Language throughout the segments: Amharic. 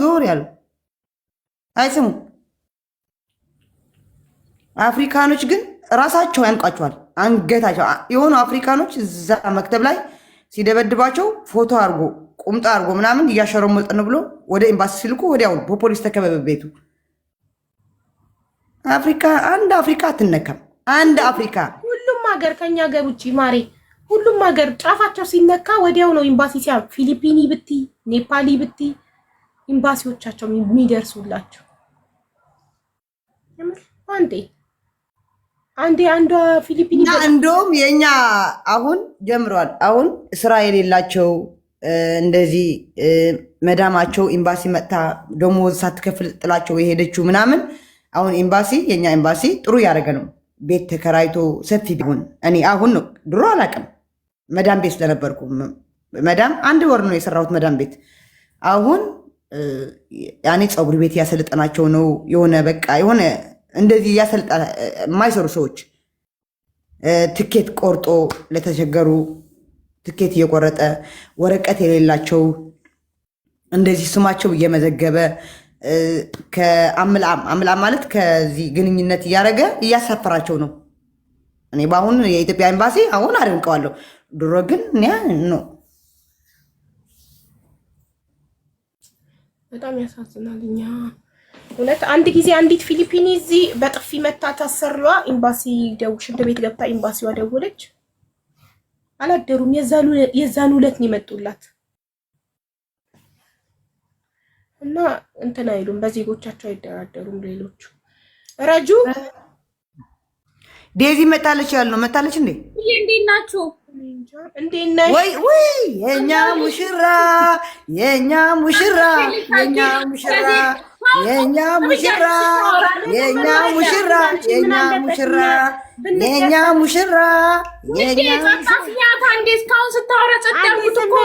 ዞር ያሉ አይስሙ። አፍሪካኖች ግን ራሳቸው ያንቋቸዋል አንገታቸው። የሆኑ አፍሪካኖች እዛ መክተብ ላይ ሲደበድባቸው ፎቶ አድርጎ ቁምጣ አድርጎ ምናምን እያሸረመጠን ብሎ ወደ ኤምባሲ ሲልኩ ወዲያውኑ በፖሊስ ተከበበ ቤቱ። አፍሪካ አንድ አፍሪካ አትነካም። አንድ አፍሪካ ሁሉም ሀገር ከኛ ሀገር ውጭ ማሬ ሁሉም ሀገር ጫፋቸው ሲነካ ወዲያው ነው ኤምባሲ ሲያ ፊሊፒኒ ብቲ ኔፓሊ ብቲ ኤምባሲዎቻቸው የሚደርሱላቸው አንዴ አንዴ አንዷ ፊሊፒን እንደውም የእኛ አሁን ጀምሯል። አሁን ስራ የሌላቸው እንደዚህ መዳማቸው ኤምባሲ መጥታ ደሞዝ ሳትከፍል ጥላቸው የሄደችው ምናምን አሁን ኤምባሲ የእኛ ኤምባሲ ጥሩ እያደረገ ነው። ቤት ተከራይቶ ሰፊ ቢሆን እኔ አሁን ነው ድሮ አላውቅም። መዳም ቤት ስለነበርኩ መዳም አንድ ወር ነው የሰራሁት መዳም ቤት አሁን ያኔ ፀጉር ቤት ያሰልጠናቸው ነው የሆነ በቃ የሆነ እንደዚህ ያሰልጣ የማይሰሩ ሰዎች ትኬት ቆርጦ ለተቸገሩ ትኬት እየቆረጠ ወረቀት የሌላቸው እንደዚህ ስማቸው እየመዘገበ ከአምላም አምላም ማለት ከዚህ ግንኙነት እያደረገ እያሳፈራቸው ነው። እኔ በአሁን የኢትዮጵያ ኤምባሲ አሁን አደንቀዋለሁ። ድሮ ግን ነው በጣም ያሳዝናል። እኛ እውነት አንድ ጊዜ አንዲት ፊሊፒኒ እዚህ በጥፊ መታ ታሰሪዋ ኤምባሲ ሽንት ቤት ገብታ ኤምባሲዋ ደውለች አላደሩም። የዛን ሁለት ነው የመጡላት እና እንትን አይሉም። በዜጎቻቸው አይደራደሩም። ሌሎቹ ረጁ ዴዚ መጣለች ያልነው መታለች እንዴ? እንዴት ናችሁ? ወይ ወይ የኛ ሙሽራ የኛ ሙሽራ የኛ ሙሽራ የኛ ሙሽራ የኛ ሙሽራ የኛ ሙሽራ የኛ ሙሽራ እስካሁን ስታወራ ጸጥ ያልኩት እኮ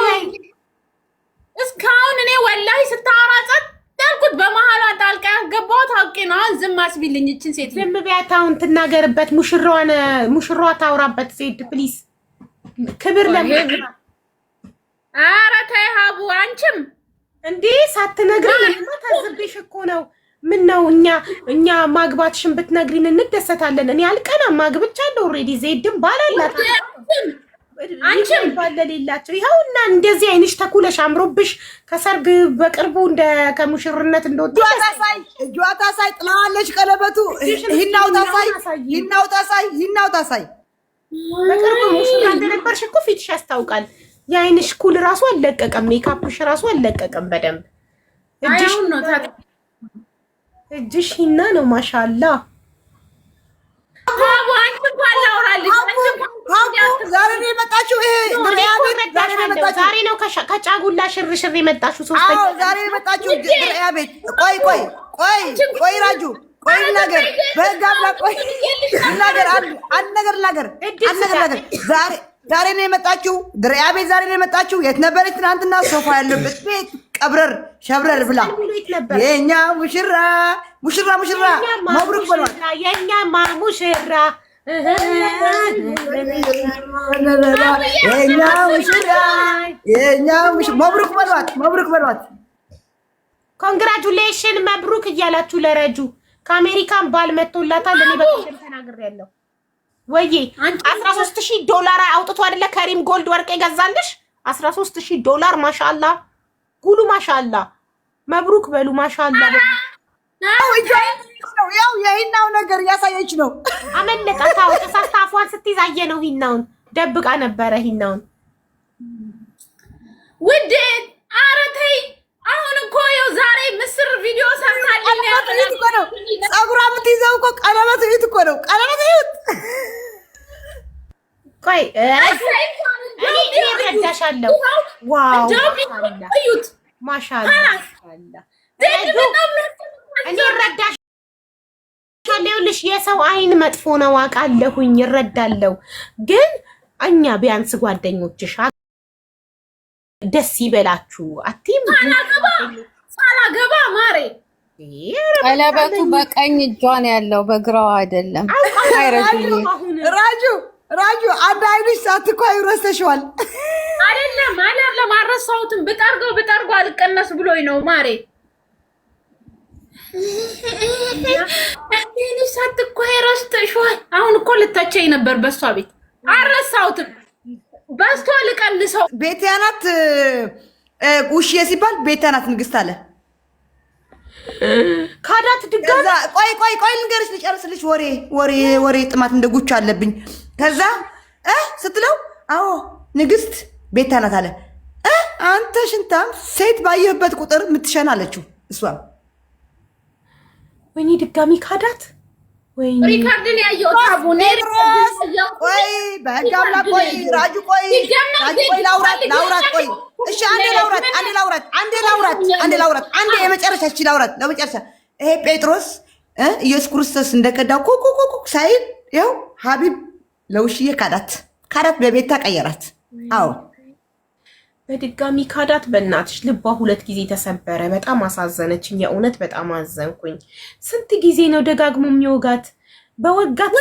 እስካሁን እኔ ወላሂ ስታወራ ጸጥ ያልኩት በመሀሏ ጣልቃ ያስገባሁት ሀቄን። አሁን ዝም አስቢልኝ። ይችን ሴት ዝም ቢያት አሁን ትናገርበት። ሙሽራዋን ሙሽራዋ ታውራበት ሴት ፕሊዝ ክብር ለምን? አረ ተይ ሀቡ አንቺም እንዴ ሳትነግሪን ለምን ታዝብሽ እኮ ነው። ምን ነው እኛ እኛ ማግባትሽን ብትነግሪን እንደሰታለን። እኔ አልቀናም፣ አግብቻለሁ። ኦልሬዲ ዜድም ባላላት አንቺም ባለሌላቸው ይኸውና፣ እንደዚህ አይንሽ ተኩለሽ አምሮብሽ ከሰርግ በቅርቡ እንደ ከሙሽርነት እንደወጣ እጇ ታሳይ፣ ጥላለች ቀለበቱ። ይህናው ታሳይ፣ ይህናው ታሳይ፣ ይህናው ታሳይ በቅርቡ ሙሽራ እንደነበርሽ እኮ ፊትሽ ያስታውቃል። የአይንሽ ኩል ራሱ አልለቀቀም፣ ሜካፕሽ ራሱ አልለቀቀም በደንብ እጅሽ ሂና ነው። ማሻላ ዛሬ የመጣችሁ። ነው ከጫጉላ ሽርሽር የመጣችሁ። ሶስተኛ ዛሬ የመጣችሁ ድርያ ቤት። ቆይ ቆይ ቆይ ቆይ ራጁ ቆይ ልናገር፣ በህግ አምላክ ልናገር፣ አንድ ነገር ልናገር፣ አንድ ነገር ልናገር። ዛሬ የመጣችሁ ድሬያቤት፣ ዛሬ ነው የት ነበረች ትናንትና? ሶፋ ያለበት ቤት ቀብረር ሸብረር ብላ ሙሽራ ሙሽራ ሙሽራ መብሩክ ብሏል። ሙሽራ መብሩክ በሏት፣ መብሩክ በሏት፣ መብሩክ እያላችሁ ለረጁ ከአሜሪካን ባል መጥቶላታል። እኔ ተናግር ያለው ወይ አስራ ሦስት ሺህ ዶላር አውጥቶ አይደለ ከሪም ጎልድ ወርቅ የገዛልሽ አስራ ሦስት ሺህ ዶላር። ማሻላ ጉሉ ማሻላ፣ መብሩክ በሉ ማሻላ። ያው የሂናው ነገር እያሳየች ነው። አመለጣት። አዎ ተሳስታ አፏን ስትይዝ ነው። ሂናውን ደብቃ ነበረ። ሂናውን ውዴ፣ ኧረ አሁን እኮ ይኸው ዛሬ ምስር አይ እኔ እረዳሻለሁ። ዋው ማሻላ እኔ እረዳሻለሁ። ይኸውልሽ የሰው አይን መጥፎ ነው አውቃለሁኝ፣ እረዳለሁ። ግን እኛ ቢያንስ ጓደኞችሽ ደስ ይበላችሁ አትይም? ሳላገባ ማሬ ቀለበቱ በቀኝ እጇን ያለው በግራዋ አይደለም። አይረጁ ራጁ ራዩ አንድ አይንሽ ሳትኳይ ረስተሽዋል። አይደለም አይደለም፣ አልረሳሁትም። ብጠርገው ብጠርገው አልቀነስ ብሎኝ ነው ማሬ። አይንሽ ሳትኳይ ረስተሽዋል። አሁን እኮ ልታቸኝ ነበር። በሷ ቤት አልረሳሁትም። በስቷ ልቀንሰው። ቤቴ ናት ውሽዬ ሲባል ቤቴ ናት ንግስት አለ ካዳት ድጋሚ። ቆይ ቆይ ቆይ ልንገርሽ ልጨርስልሽ። ወሬ ወሬ ወሬ ጥማት እንደ አለብኝ። ከዛ ስትለው አዎ ንግስት ቤታ ናት አለ። አንተ ሽንታም ሴት ባየህበት ቁጥር የምትሸና አለችው። እሷም ወይኔ ድጋሚ ካዳት ሪካርድን ያየሁት አቡነ ቆይ፣ ራጁ ቆይ፣ ላውራት ቆይ፣ እሺ፣ አንዴ ላውራት፣ አንዴ ላውራት፣ አንዴ ላውራት፣ አንዴ ላውራት፣ አንዴ የመጨረሻ ላውራት፣ ለመጨረሻ ይሄ ጴጥሮስ ኢየሱስ ክርስቶስ እንደከዳው ኮኮኮኮ ሳይል ይኸው ሀቢብ ለውሽዬ ካዳት ካዳት፣ በቤታ ቀየራት። አዎ በድጋሚ ካዳት። በእናትሽ ልቧ ሁለት ጊዜ ተሰበረ። በጣም አሳዘነችኝ። የእውነት በጣም አዘንኩኝ። ስንት ጊዜ ነው ደጋግሞ የሚወጋት? በወጋት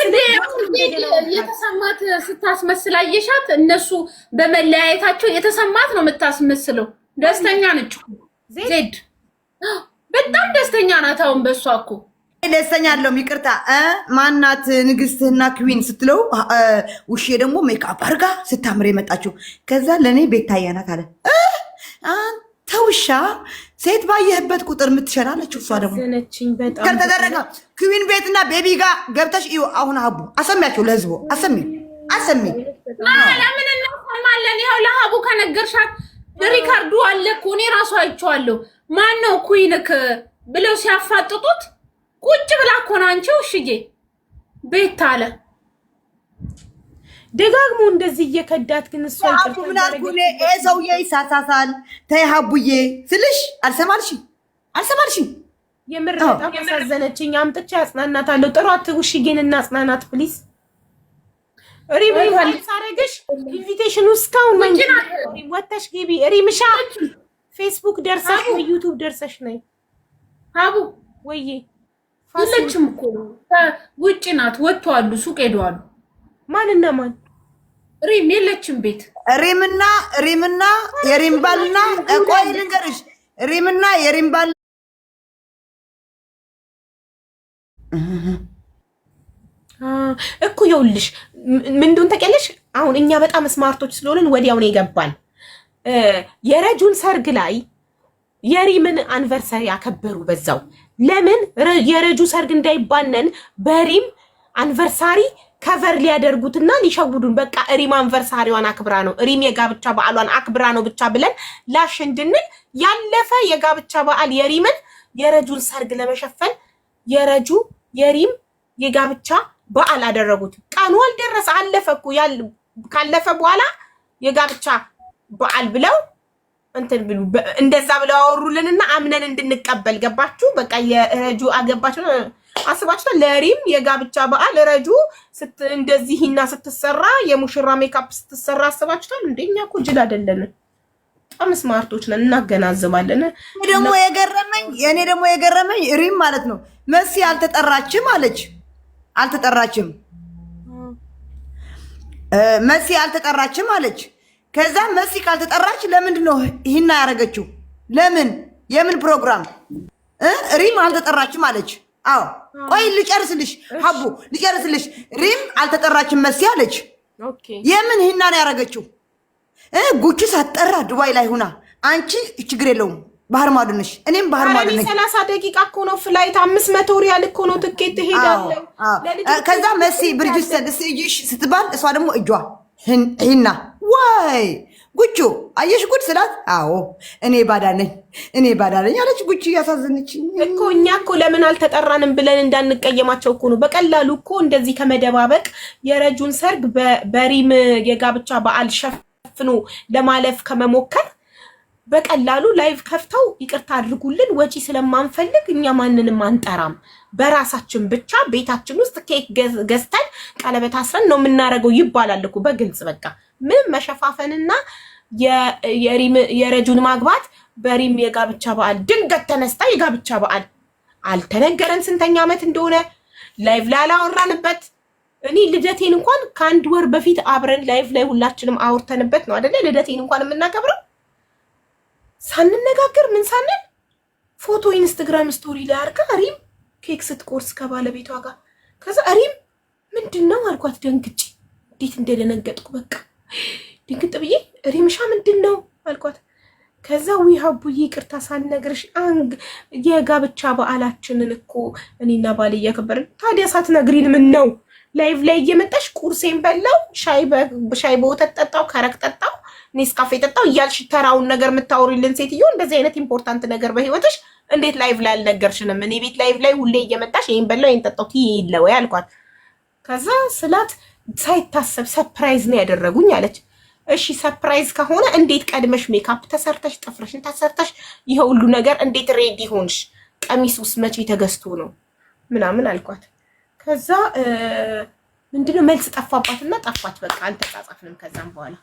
የተሰማት ስታስመስል አየሻት? እነሱ በመለያየታቸው የተሰማት ነው የምታስመስለው። ደስተኛ ነች ዜድ፣ በጣም ደስተኛ ናት። አሁን በእሷ እኮ ደስተኛለሁ። ይቅርታ ማናት ንግስትህና ክዊን ስትለው ውሼ ደግሞ ሜካፕ አርጋ ስታምር የመጣችው ከዛ ለእኔ ቤታዬ ናት አለ። አንተ ውሻ ሴት ባየህበት ቁጥር የምትሸራ አለችው። እሷ ደግሞ ከተደረገ ክዊን ቤትና ቤቢ ጋ ገብተሽ እዩ። አሁን አቡ አሰሚያቸው ለህዝቡ አሰሚ አሰሚ ለምን እናሰማለን? ይኸው ለሀቡ ከነገርሻት ሪካርዱ አለ እኮ እኔ ራሱ አይቼዋለሁ። ማን ነው ኩዊንክ ብለው ሲያፋጥጡት ቁጭ ብላ እኮ ነው አንቺው እሽዬ ቤት አለ ደጋግሞ እንደዚህ እየከዳት ግን እሷ አቡ ምን አልኩኔ ሰውዬ ይሳሳሳል። ተይ ሀቡዬ ስልሽ አልሰማልሽ አልሰማልሽ። የምር በጣም ያሳዘነችኝ። አምጥቼ አጽናናታለሁ። ጥሯት ውሽዬን እናጽናናት ፕሊዝ። ሪም ሳረግሽ ኢንቪቴሽኑ እስካሁን ወተሽ ግቢ ሪምሻ። ፌስቡክ ደርሰሽ ዩቱብ ደርሰሽ ነይ ሀቡ ወይዬ ሁለችም እኮ ውጭ ናት። ወጥተዋሉ፣ ሱቅ ሄደዋሉ። ማንና ማን? ሪም የለችም ቤት። ሪምና ሪምና የሪም ባልና ቆይ ልንገርሽ፣ ሪምና የሪም ባል እኮ ምን እንደሆነ ታውቂያለሽ? አሁን እኛ በጣም ስማርቶች ስለሆንን ወዲያው ነው የገባን። የረጁን ሰርግ ላይ የሪምን አንቨርሰሪ አከበሩ በዛው ለምን የረጁ ሰርግ እንዳይባነን በሪም አንቨርሳሪ ከቨር ሊያደርጉትና ሊሸውዱን። በቃ ሪም አንቨርሳሪዋን አክብራ ነው ሪም የጋብቻ በዓሏን አክብራ ነው ብቻ ብለን ላሽ እንድንል ያለፈ የጋብቻ በዓል የሪምን የረጁን ሰርግ ለመሸፈን የረጁ የሪም የጋብቻ በዓል አደረጉት። ቀኑ አልደረሰ አለፈ እኮ ካለፈ በኋላ የጋብቻ በዓል ብለው እንትን ብሉ እንደዛ ብለው አወሩልንና አምነን እንድንቀበል ገባችሁ። በቃ የረጁ አገባችሁ አስባችሁ ለሪም የጋብቻ በዓል ረጁ እንደዚህ ስትሰራ የሙሽራ ሜካፕ ስትሰራ አስባችሁታል። እንደኛ እኮ ጅል አይደለንም። በጣም ስማርቶች ነን፣ እናገናዝባለን። ደግሞ የገረመኝ እኔ ደግሞ የገረመኝ ሪም ማለት ነው መሲ አልተጠራችም አለች። አልተጠራችም መሲ አልተጠራችም አለች ከዛ መሲ ካልተጠራች ለምንድን ነው ይህን ያደረገችው? ለምን የምን ፕሮግራም ሪም አልተጠራችም አለች። አዎ ቆይ ልጨርስልሽ፣ ሀቡ ልጨርስልሽ። ሪም አልተጠራችም መሲ አለች። የምን ይህና ነው ያደረገችው? ጉቺ ሳትጠራ ዱባይ ላይ ሁና አንቺ ችግር የለውም ባህር ማዶ ነሽ፣ እኔም ባህር ማዶ ነኝ። ሰላሳ ደቂቃ እኮ ነው ፍላይት፣ አምስት መቶ ሪያል እኮ ነው ትኬት። ሄዳለሁ ከዛ መሲ ብርጅስተን ስትባል እሷ ደግሞ እጇ ሂና ወይ ጉቹ አየሽ ጉድ ስላት፣ አዎ እኔ ባዳነኝ እኔ ባዳነኝ አለች ጉቹ እያሳዘነችኝ እኮ። እኛ እኮ ለምን አልተጠራንም ብለን እንዳንቀየማቸው እኮ ነው። በቀላሉ እኮ እንደዚህ ከመደባበቅ የረጁን ሰርግ በሪም የጋብቻ በዓል ሸፍኖ ለማለፍ ከመሞከር በቀላሉ ላይቭ ከፍተው ይቅርታ አድርጉልን፣ ወጪ ስለማንፈልግ እኛ ማንንም አንጠራም፣ በራሳችን ብቻ ቤታችን ውስጥ ኬክ ገዝተን ቀለበት አስረን ነው የምናደርገው ይባላል እኮ በግልጽ በቃ ምንም መሸፋፈንና የረጁን ማግባት በሪም የጋብቻ በዓል ድንገት ተነስታ የጋብቻ በዓል አልተነገረን ስንተኛ ዓመት እንደሆነ ላይቭ ላይ አላወራንበት። እኔ ልደቴን እንኳን ከአንድ ወር በፊት አብረን ላይቭ ላይ ሁላችንም አውርተንበት ነው አደለ? ልደቴን እንኳን የምናከብረው ሳንነጋገር ምን ሳንል ፎቶ ኢንስታግራም ስቶሪ ላይ አድርጋ ሪም ኬክ ስትቆርስ ከባለቤቷ ጋር ከዛ ሪም ምንድን ነው አልኳት፣ ደንግጬ እንዴት እንደደነገጥኩ በቃ ድንግጥ ብዬ ሪምሻ ምንድን ነው አልኳት። ከዛ ውይ ሀቡዬ ይቅርታ ሳልነግርሽ አንግ የጋብቻ በዓላችንን እኮ እኔና ባል እያከበርን ታዲያ ሳትነግሪን ምን ነው? ላይቭ ላይ እየመጣሽ ቁርሴን በላው፣ ሻይ በወተት ጠጣው፣ ከረክ ጠጣው፣ ኔስካፌ ጠጣው እያልሽ ተራውን ነገር የምታወሪልን ሴትዮ እንደዚህ አይነት ኢምፖርታንት ነገር በህይወትሽ እንዴት ላይቭ ላይ አልነገርሽንም? እኔ ቤት ላይቭ ላይ ሁሌ እየመጣሽ ይህን በላው ይህን ጠጣው ትይ የለ ወይ አልኳት። ከዛ ስላት ሳይታሰብ ሰፕራይዝ ነው ያደረጉኝ አለች። እሺ ሰፕራይዝ ከሆነ እንዴት ቀድመሽ ሜካፕ ተሰርተሽ ጥፍርሽን ተሰርተሽ ይሄ ሁሉ ነገር እንዴት ሬዲ ሆንሽ? ቀሚስ ውስጥ መቼ ተገዝቶ ነው ምናምን አልኳት። ከዛ ምንድነው መልስ ጠፋባትና ጠፋች። በቃ አልተጻጻፍንም ከዛም በኋላ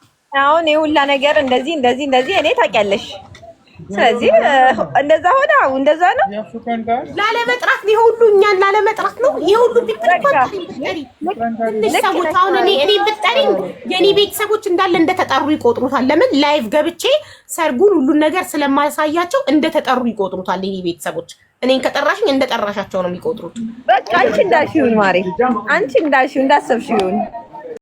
አሁን የሁላ ነገር እንደዚህ እንደዚህ እንደዚህ እኔ ታውቂያለሽ ስለዚህ እንደዛ ሆነ። አዎ እንደዛ ነው። ላለመጥራት ነው ሁሉ እኛን ላለመጥራት ነው ይሄ ሁሉ ቤተሰቦች። አሁን እኔ እኔ ብጠሪ የኔ ቤተሰቦች እንዳለ እንደተጠሩ ይቆጥሩታል። ለምን ላይቭ ገብቼ ሰርጉን ሁሉን ነገር ስለማሳያቸው እንደተጠሩ ይቆጥሩታል። የኔ ቤተሰቦች እኔን ከጠራሽኝ እንደጠራሻቸው ነው የሚቆጥሩት። በቃ አንቺ እንዳልሽው ይሁን ማሬ፣ አንቺ እንዳልሽው እንዳሰብሽው ይሁን።